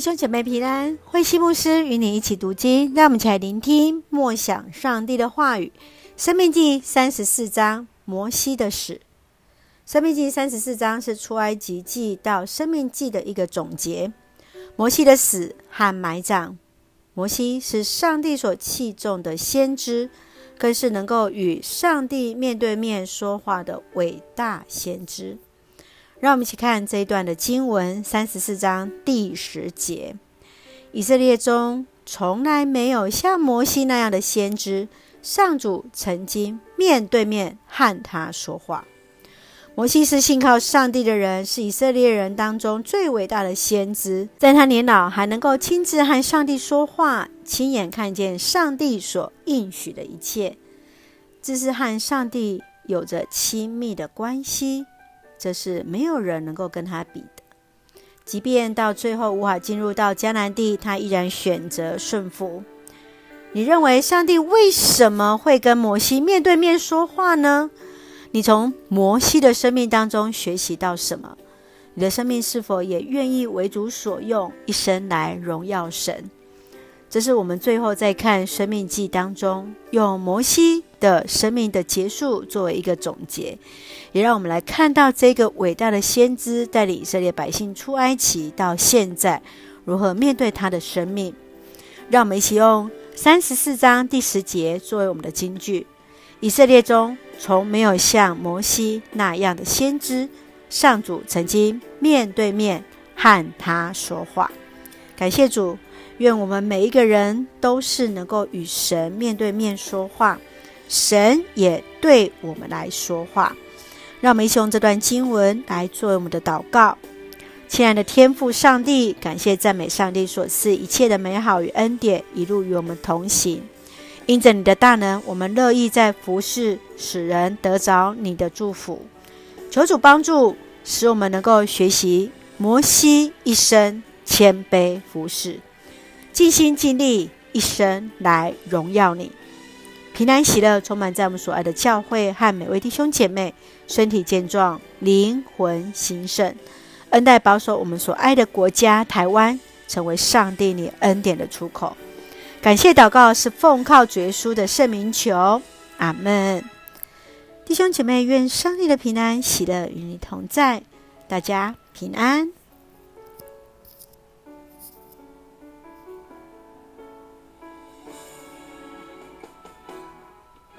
弟兄姐妹平安，慧馨牧師與你一起讀經，讓我們一起來聆聽。默想上帝的話語，生《申命記》三十四章摩西的死。《申命記》三十四章是出埃及記到《申命記》的一個總結。摩西的死和埋葬。摩西是上帝所器重的先知，更是能夠與上帝面對面說話的偉大先知。讓我們一起看這一段的經文，三十四章第十節：以色列中從來沒有像摩西那樣的先知，上主曾經面對面和他說話。摩西是信靠上帝的人，是以色列人當中最偉大的先知，在他年老還能夠親自和上帝說話，親眼看見上帝所應許的一切，這是和上帝有着親密的關係，這是沒有人能夠跟他比的。即便到最後無法進入到迦南地，他依然選擇順服。你認為上帝為什麼會跟摩西面對面說話呢？你從摩西的生命當中學習到什麼？你的生命是否也願意為主所用，一生來榮耀神？這是我們最後在看申命記當中用摩西。的生命的結束作為一個總結，也讓我們來看到這個偉大的先知帶領以色列百姓出埃及到現在，如何面對他的生命。讓我們一起用三十四章第十節作為我們的金句：“以色列中從沒有像摩西那樣的先知，上主曾經面對面和他說話。”感謝主，願我們每一個人都是能夠與神面對面說話。神也對我們來說話，讓我們一起用這段經文來做我們的禱告。親愛的天父上帝，感謝讚美上帝所賜一切的美好與恩典，一路與我們同行。因着你的大能，我們樂意在服侍，使人得着你的祝福。求主幫助，使我們能夠學習摩西一生謙卑服侍，盡心盡力一生來榮耀你。平安喜樂充滿在我們所愛的教會和每位弟兄姐妹，身體健壯，靈魂興盛，恩待保守我們所愛的國家台灣，成為上帝你恩典的出口。感謝禱告是奉靠主耶穌的聖名求，阿門。弟兄姐妹，願上帝的平安喜樂與你同在，大家平安。